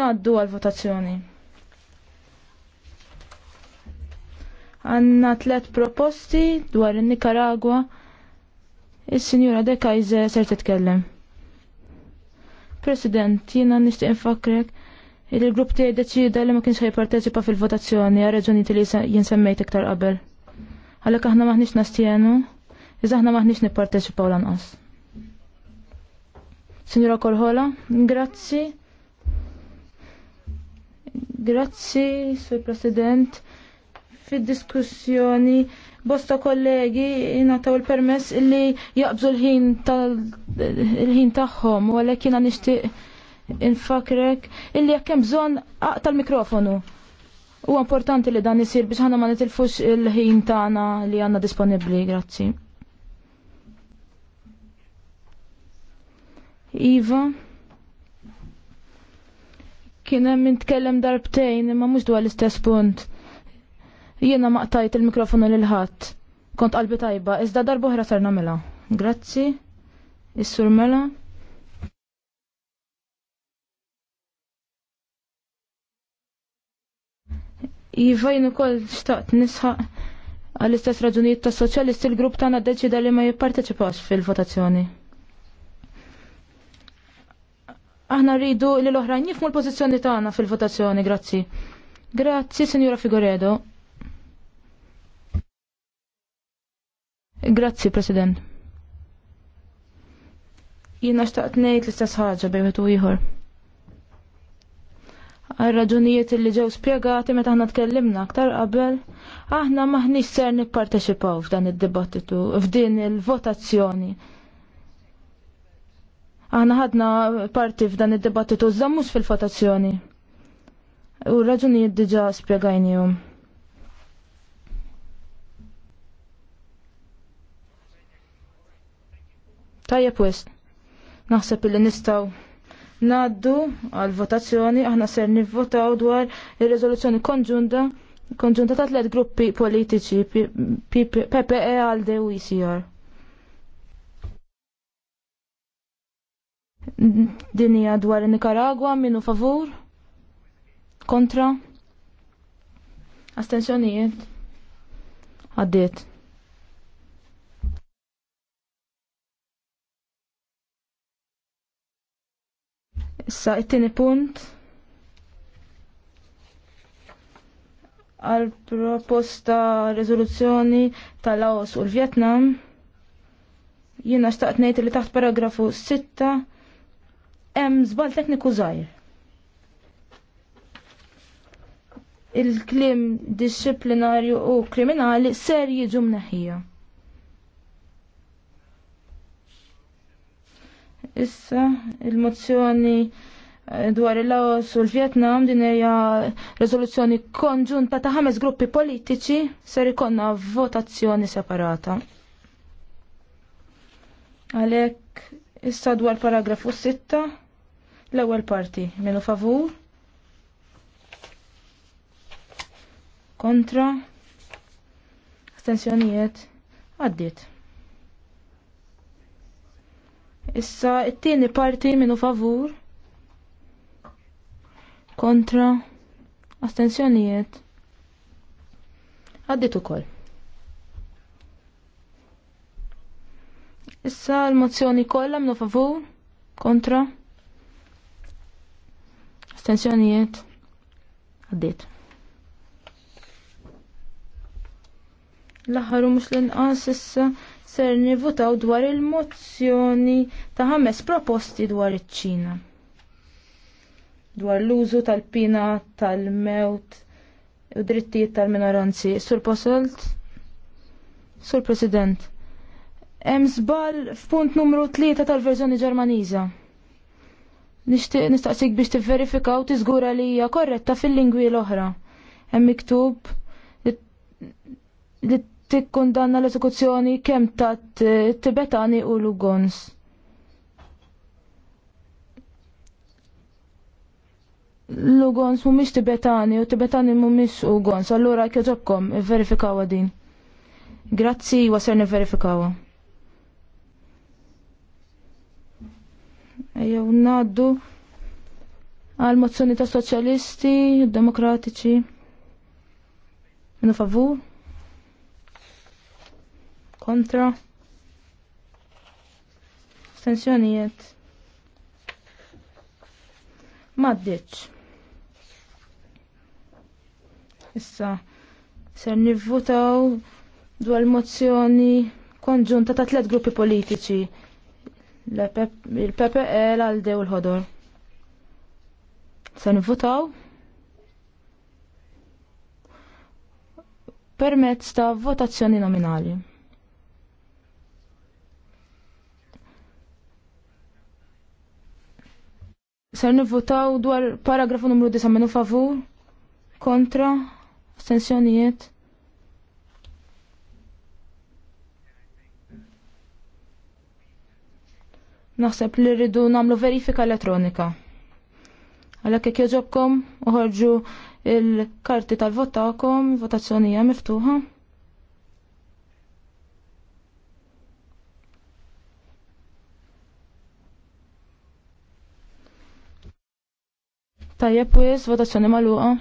għaddu għal-votazzjoni. Għanna tlet proposti dwar il-Nicaragua. Il-Sinjura De Kaiser ser titkellem. President, jina nishtiq infakrek il-grupp tiegħi deċida li ma kienx jipparteċipa fil-votazzjoni għal reġuni li jinsemmejt iktar qabel. Għalhekk aħna maħniex nastienu, iżda aħna maħniex nipparteċipaw lanqas. Signora Korhola, grazzi. Grazzi, Sur President. Fid-diskussjoni, bosta kollegi jingħataw il-permess illi jaqbżu l-ħin tal-ħin tagħhom u għalhekk jiena nixtieq infakrek illi jekk hemm bżonn aqta' l-mikrofonu. U importanti li dan isir biex ħana ma nitilfux il-ħin tagħna li għandna disponibbli, grazzi. Iva. Kien hemm nitkellem darbtejn imma mhux dwar l-istess punt. Jiena maqtajt il-mikrofonu lil ħadd. Kont qalbi tajba, iżda darba oħra sar nagħmilha. Grazzi. Is-sur mela. Iva jien ukoll xtaqt nisħaq għall-istess raġunijiet tas-soċjalisti il-grupp tagħna ddeċida li ma jipparteċipax fil-votazzjoni. Aħna rridu li l-oħrajn jifmu l-pożizzjoni tagħna fil-votazzjoni, grazzi. Grazzi, Sinjura Figuredo. Grazzi, President. Jien xtaqt ngħid l-istess ħaġa bejn u ieħor. Għal-raġunijiet li ġew spjegati meta aħna tkellimna aktar qabel, aħna maħniex ser nipparteċipaw f'dan id-dibattitu, f'din il-votazzjoni. il votazzjoni Aħna ħadna parti f'dan id debattitu żammux fil-votazzjoni. U raġunijiet diġa spiegajnijom. Tajja pues, naħseb il nistaw naddu għal-votazzjoni, aħna ser nivvotaw dwar il-rezoluzzjoni konġunta konġunta ta' tlet gruppi politiċi, PPE għal u ICR. Dinija dwar Nicaragua minnu favur? Kontra? Astenzjonijiet? Għaddiet. Issa, it-tini punt. Għal proposta rezoluzzjoni tal-Laos u l-Vietnam. Jina xtaqt nejt li taħt paragrafu hemm żball tekniku żgħir. Il-klim disciplinarju u kriminali ser jiġu mneħħija. Issa il-mozzjoni eh, dwar il-Laos u l-Vietnam din hija rezoluzzjoni konġunta ta' ħames gruppi politiċi ser ikonna votazzjoni separata. Għalhekk Issa dwar paragrafu 6, l-ewwel parti, minu favur, kontra, astensjonijiet, għaddit. Issa it-tieni parti minu favur, kontra, astensjonijiet, għaddit ukoll. Issa l-mozzjoni kollha minn favur kontra astensjonijiet għaddiet. L-aħħar mhux l-inqas issa ser nivutaw dwar il-mozzjoni ta' ħames proposti dwar iċ-Ċina. Dwar l-użu tal-pina tal-mewt u drittijiet tal-minoranzi. Sur Posolt, Sur President, hemm żball f'punt numru 3 tal-verżjoni Ġermaniża. Nixtieq nistaqsik biex tifverifika u tiżgura li hija korretta fil-lingwi l-oħra. Hemm miktub li tikkundanna l-eżekuzzjoni kemm ta' eh, Tibetani u Lugons. Lugons mhumiex Tibetani u Tibetani mhumiex Ugons, allura kieġobkom verifikawa din. Grazzi, waser verifikawa. Jew ngħaddu għal mozzjoni ta' soċjalisti, demokratiċi. Minu favur? Kontra? Stensjonijiet? Maddiċ. Issa, ser nivvutaw dwar mozzjoni konġunta ta' tlet gruppi politiċi il-PPE l-għaldew l-ħodor. Se votaw permezz ta' votazzjoni nominali. Sen nivvotaw dwar paragrafu numru 9 minu favur, kontra, astensjonijiet. Naħseb li rridu namlu verifika elettronika. Għalhekk kek jogħġobkom uħorġu il-karti tal-votakom, votazzjonija miftuħa. Tajjeb, pues, votazzjoni maluqa.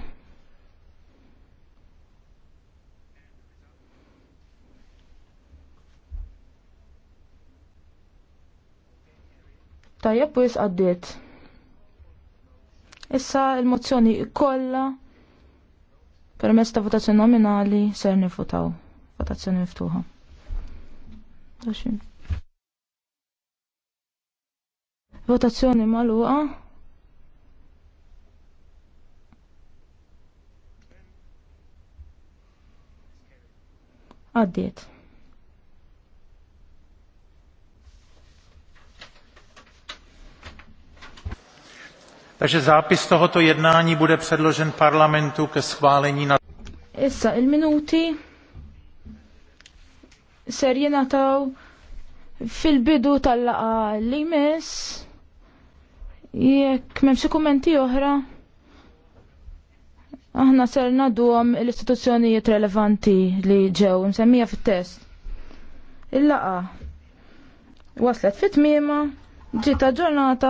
Tajjeb u għaddiet. Issa il-mozzjoni kollha permezz ta' votazzjoni nominali ser nifutaw. Votazzjoni miftuħa. Votazzjoni magħluqa. Għaddiet. Takže zápis tohoto jednání bude předložen parlamentu ke schválení na... Issa il-minuti ser jenataw fil-bidu tal-laqa li mis jekk memxie kummenti oħra aħna ser nadduhom l-istituzzjonijiet relevanti li ġew msemmija fit-test. Il-laqa waslet fit mima ġita ġurnata